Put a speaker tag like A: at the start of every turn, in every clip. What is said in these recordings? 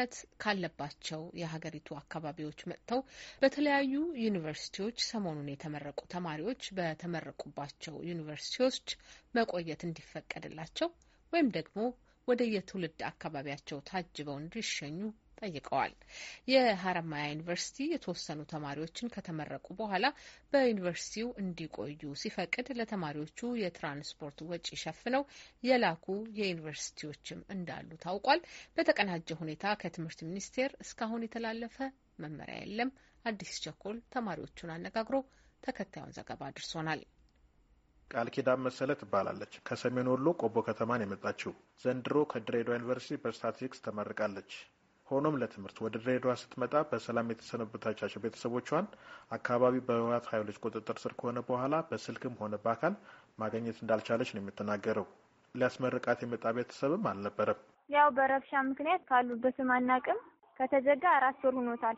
A: ድህነት ካለባቸው የሀገሪቱ አካባቢዎች መጥተው በተለያዩ ዩኒቨርሲቲዎች ሰሞኑን የተመረቁ ተማሪዎች በተመረቁባቸው ዩኒቨርሲቲዎች መቆየት እንዲፈቀድላቸው ወይም ደግሞ ወደ የትውልድ አካባቢያቸው ታጅበው እንዲሸኙ ጠይቀዋል። የሀረማያ ዩኒቨርሲቲ የተወሰኑ ተማሪዎችን ከተመረቁ በኋላ በዩኒቨርሲቲው እንዲቆዩ ሲፈቅድ ለተማሪዎቹ የትራንስፖርት ወጪ ሸፍነው የላኩ የዩኒቨርሲቲዎችም እንዳሉ ታውቋል። በተቀናጀ ሁኔታ ከትምህርት ሚኒስቴር እስካሁን የተላለፈ መመሪያ የለም። አዲስ ቸኮል ተማሪዎቹን አነጋግሮ ተከታዩን ዘገባ አድርሶናል። ቃል ኪዳን መሰለ ትባላለች። ከሰሜን ወሎ ቆቦ ከተማን የመጣችው ዘንድሮ ከድሬዳዋ ዩኒቨርሲቲ በስታቲስቲክስ ተመርቃለች። ሆኖም ለትምህርት ወደ ድሬዳዋ ስትመጣ በሰላም የተሰነበታቻቸው ቤተሰቦቿን አካባቢ በህወሓት ኃይሎች ቁጥጥር ስር ከሆነ በኋላ በስልክም ሆነ በአካል ማግኘት እንዳልቻለች ነው የምትናገረው። ሊያስመርቃት የመጣ ቤተሰብም አልነበረም።
B: ያው በረብሻ ምክንያት ካሉበትም አናቅም። ከተዘጋ አራት ወር ሆኖታል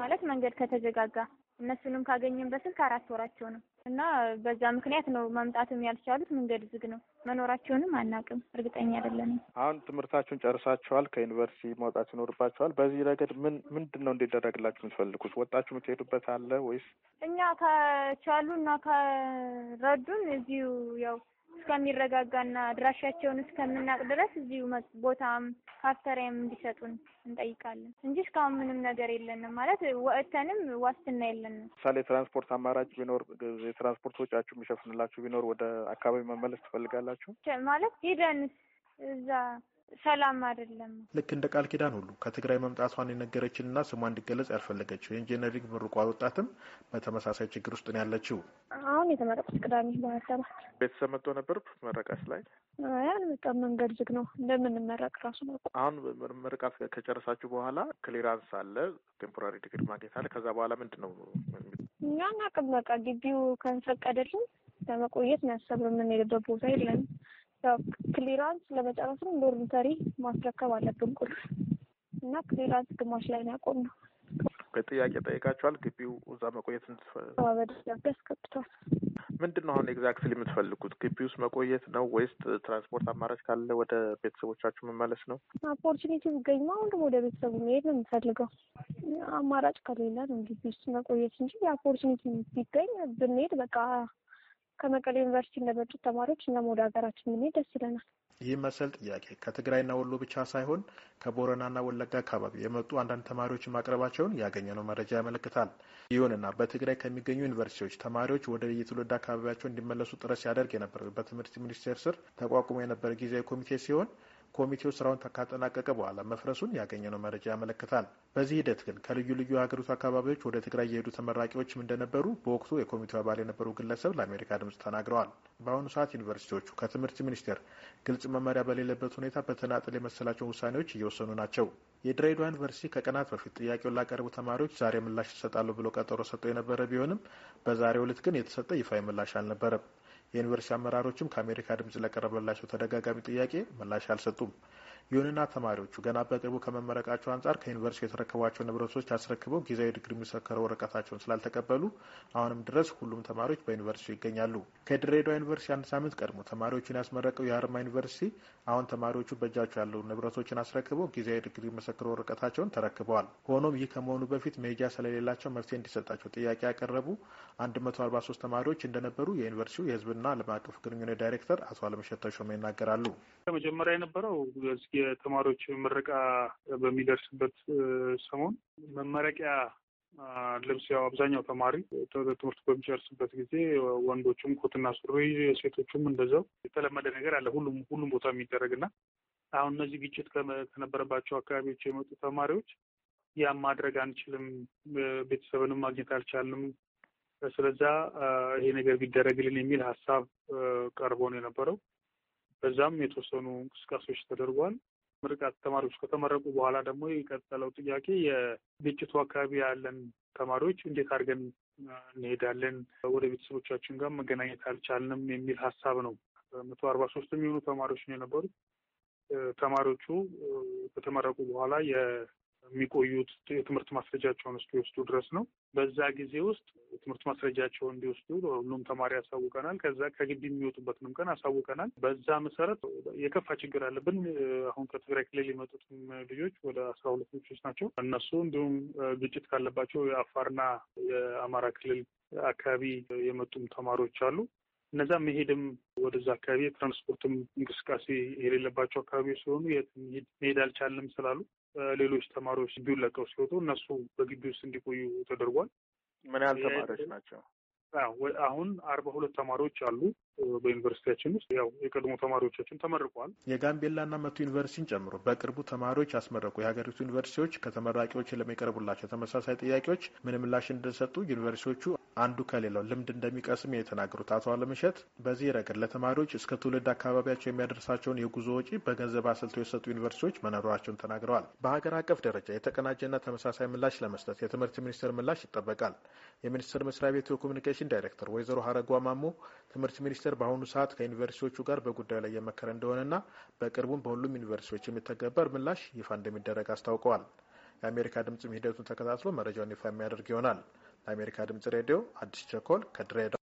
B: ማለት መንገድ ከተዘጋጋ እነሱንም ካገኘን በስልክ አራት ወራቸው ነው። እና በዛ ምክንያት ነው መምጣትም ያልቻሉት። መንገድ ዝግ ነው። መኖራቸውንም አናውቅም፣ እርግጠኛ አይደለንም።
A: አሁን ትምህርታችሁን ጨርሳችኋል፣ ከዩኒቨርሲቲ መውጣት ይኖርባችኋል። በዚህ ረገድ ምን ምንድን ነው እንዲደረግላችሁ የምትፈልጉት? ወጣችሁ የምትሄዱበት አለ ወይስ?
B: እኛ ከቻሉ እና ከረዱን እዚሁ ያው እስከሚረጋጋና አድራሻቸውን እስከምናቅ ድረስ እዚሁ ቦታም ካፍተሪያም እንዲሰጡን እንጠይቃለን እንጂ እስካሁን ምንም ነገር የለንም። ማለት ወጥተንም ዋስትና የለንም።
A: ምሳሌ የትራንስፖርት አማራጭ ቢኖር የትራንስፖርት ወጪያችሁ የሚሸፍንላችሁ ቢኖር ወደ አካባቢ መመለስ ትፈልጋላችሁ
B: ማለት ሄደን እዛ ሰላም አይደለም።
A: ልክ እንደ ቃል ኪዳን ሁሉ ከትግራይ መምጣቷን የነገረችንና ስሟ እንዲገለጽ ያልፈለገችው የኢንጂነሪንግ ምርቋ ወጣትም በተመሳሳይ ችግር ውስጥ ነው ያለችው።
B: አሁን የተመረቁት ቅዳሜ ባህር ዳር።
A: ቤተሰብ መጥቶ ነበር መረቀስ ላይ?
B: ያን በጣም መንገድ ዝግ ነው። እንደምንመረቅ ራሱ ነው።
A: አሁን ምርቃት ከጨረሳችሁ በኋላ ክሊራንስ አለ፣ ቴምፖራሪ ዲግሪ ማግኘት አለ። ከዛ በኋላ ምንድን ነው
B: እኛ አናውቅም። በቃ ግቢው ከንፈቀደልን ለመቆየት ያሰብነው የምንሄድበት ቦታ የለን። ያው ክሊራንስ ለመጨረስም ዶርሚተሪ ማስረከብ አለብን ቁልፍ እና ክሊራንስ ግማሽ ላይ ነው
A: በጥያቄ ጠይቃችኋል? ግቢው እዛ መቆየት ያስገብቷል። ምንድን ነው አሁን ኤግዛክትሊ የምትፈልጉት? ግቢ ውስጥ መቆየት ነው ወይስ ትራንስፖርት አማራጭ ካለ ወደ ቤተሰቦቻችሁ መመለስ ነው?
B: ኦፖርቹኒቲ ብገኝማ አሁን ደግሞ ወደ ቤተሰቡ መሄድ ነው የምፈልገው። አማራጭ ከሌለ ነው ግቢ ውስጥ መቆየት እንጂ የኦፖርቹኒቲ ቢገኝ ብንሄድ በቃ ከመቀሌ ዩኒቨርሲቲ እንደመጡት ተማሪዎች እኛም ወደ ሀገራችን ብንሄድ ደስ ይለናል።
A: ይህ መሰል ጥያቄ ከትግራይና ወሎ ብቻ ሳይሆን ከቦረናና ወለጋ አካባቢ የመጡ አንዳንድ ተማሪዎች ማቅረባቸውን ያገኘነው መረጃ ያመለክታል። ይሁንና በትግራይ ከሚገኙ ዩኒቨርሲቲዎች ተማሪዎች ወደ የትውልድ አካባቢያቸው እንዲመለሱ ጥረት ሲያደርግ የነበረ በትምህርት ሚኒስቴር ስር ተቋቁሞ የነበረ ጊዜያዊ ኮሚቴ ሲሆን ኮሚቴው ስራውን ካጠናቀቀ በኋላ መፍረሱን ያገኘነው መረጃ ያመለክታል። በዚህ ሂደት ግን ከልዩ ልዩ የሀገሪቱ አካባቢዎች ወደ ትግራይ የሄዱ ተመራቂዎችም እንደነበሩ በወቅቱ የኮሚቴው አባል የነበሩ ግለሰብ ለአሜሪካ ድምጽ ተናግረዋል። በአሁኑ ሰዓት ዩኒቨርሲቲዎቹ ከትምህርት ሚኒስቴር ግልጽ መመሪያ በሌለበት ሁኔታ በተናጠል የመሰላቸውን ውሳኔዎች እየወሰኑ ናቸው። የድሬዳዋ ዩኒቨርሲቲ ከቀናት በፊት ጥያቄውን ላቀረቡ ተማሪዎች ዛሬ ምላሽ ይሰጣሉ ብሎ ቀጠሮ ሰጠው የነበረ ቢሆንም በዛሬው ዕለት ግን የተሰጠ ይፋ ምላሽ አልነበረም። የዩኒቨርሲቲ አመራሮችም ከአሜሪካ ድምጽ ለቀረበላቸው ተደጋጋሚ ጥያቄ ምላሽ አልሰጡም። ይሁንና ተማሪዎቹ ገና በቅርቡ ከመመረቃቸው አንጻር ከዩኒቨርሲቲ የተረከቧቸው ንብረቶች አስረክበው ጊዜያዊ ዲግሪ የሚሰከረው ወረቀታቸውን ስላልተቀበሉ አሁንም ድረስ ሁሉም ተማሪዎች በዩኒቨርሲቲ ይገኛሉ። ከድሬዳዋ ዩኒቨርሲቲ አንድ ሳምንት ቀድሞ ተማሪዎቹን ያስመረቀው የአርማ ዩኒቨርሲቲ አሁን ተማሪዎቹ በእጃቸው ያለው ንብረቶችን አስረክበው ጊዜያዊ ዲግሪ የሚሰከረው ወረቀታቸውን ተረክበዋል። ሆኖም ይህ ከመሆኑ በፊት መሄጃ ስለሌላቸው መፍትሄ እንዲሰጣቸው ጥያቄ ያቀረቡ 143 ተማሪዎች እንደነበሩ የዩኒቨርሲቲው የህዝብ እና ዓለም አቀፍ ግንኙነት ዳይሬክተር አቶ አለምሸት ተሾመ ይናገራሉ።
B: መጀመሪያ የነበረው የተማሪዎች ምረቃ በሚደርስበት ሰሞን መመረቂያ ልብስ ያው አብዛኛው ተማሪ ትምህርት በሚጨርስበት ጊዜ ወንዶቹም ኮትና ሱሪ፣ ሴቶቹም እንደዛው የተለመደ ነገር አለ ሁሉም ሁሉም ቦታ የሚደረግና አሁን እነዚህ ግጭት ከነበረባቸው አካባቢዎች የመጡ ተማሪዎች ያም ማድረግ አንችልም፣ ቤተሰብንም ማግኘት አልቻልንም፣ ስለዛ ይሄ ነገር ቢደረግልን የሚል ሀሳብ ቀርቦ ነው የነበረው። በዛም የተወሰኑ እንቅስቃሴዎች ተደርጓል። ምርቃት ተማሪዎች ከተመረቁ በኋላ ደግሞ የቀጠለው ጥያቄ የግጭቱ አካባቢ ያለን ተማሪዎች እንዴት አድርገን እንሄዳለን፣ ወደ ቤተሰቦቻችን ጋር መገናኘት አልቻልንም የሚል ሀሳብ ነው። መቶ አርባ ሶስት የሚሆኑ ተማሪዎች ነው የነበሩት። ተማሪዎቹ ከተመረቁ በኋላ የሚቆዩት የትምህርት ማስረጃቸውን እስኪወስዱ ድረስ ነው። በዛ ጊዜ ውስጥ የትምህርት ማስረጃቸውን እንዲወስዱ ሁሉም ተማሪ አሳውቀናል። ከዛ ከግቢ የሚወጡበትንም ቀን አሳውቀናል። በዛ መሰረት የከፋ ችግር አለብን። አሁን ከትግራይ ክልል የመጡትም ልጆች ወደ አስራ ሁለት ልጆች ናቸው። እነሱ እንዲሁም ግጭት ካለባቸው የአፋርና የአማራ ክልል አካባቢ የመጡም ተማሪዎች አሉ። እነዛ መሄድም ወደዛ አካባቢ የትራንስፖርትም እንቅስቃሴ የሌለባቸው አካባቢዎች ስለሆኑ የት መሄድ አልቻለም ስላሉ ሌሎች ተማሪዎች ግቢውን ለቀው ሲወጡ እነሱ በግቢ ውስጥ እንዲቆዩ ተደርጓል።
A: ምን ያህል ተማሪዎች ናቸው?
B: አሁን አርባ ሁለት ተማሪዎች አሉ በዩኒቨርሲቲያችን ውስጥ ያው የቀድሞ ተማሪዎቻችን ተመርቋል።
A: የጋምቤላና መቱ ዩኒቨርሲቲን ጨምሮ በቅርቡ ተማሪዎች ያስመረቁ የሀገሪቱ ዩኒቨርሲቲዎች ከተመራቂዎች ለሚቀርቡላቸው ተመሳሳይ ጥያቄዎች ምን ምላሽ እንደሰጡ ዩኒቨርሲቲዎቹ አንዱ ከሌላው ልምድ እንደሚቀስም የተናገሩት አቶ አለምሸት በዚህ ረገድ ለተማሪዎች እስከ ትውልድ አካባቢያቸው የሚያደርሳቸውን የጉዞ ወጪ በገንዘብ አሰልተው የሰጡ ዩኒቨርሲቲዎች መኖራቸውን ተናግረዋል። በሀገር አቀፍ ደረጃ የተቀናጀና ተመሳሳይ ምላሽ ለመስጠት የትምህርት ሚኒስቴር ምላሽ ይጠበቃል። የሚኒስቴር መስሪያ ቤቱ የኮሚኒኬሽን ዳይሬክተር ወይዘሮ ሀረጓ ማሞ ትምህርት ሚኒስቴር በአሁኑ ሰዓት ከዩኒቨርሲቲዎቹ ጋር በጉዳዩ ላይ እየመከረ እንደሆነና በቅርቡም በሁሉም ዩኒቨርሲቲዎች የሚተገበር ምላሽ ይፋ እንደሚደረግ አስታውቀዋል። የአሜሪካ ድምጽም ሂደቱን ተከታትሎ መረጃውን ይፋ የሚያደርግ ይሆናል። ለአሜሪካ ድምጽ ሬዲዮ አዲስ ቸኮል ከድሬዳዋ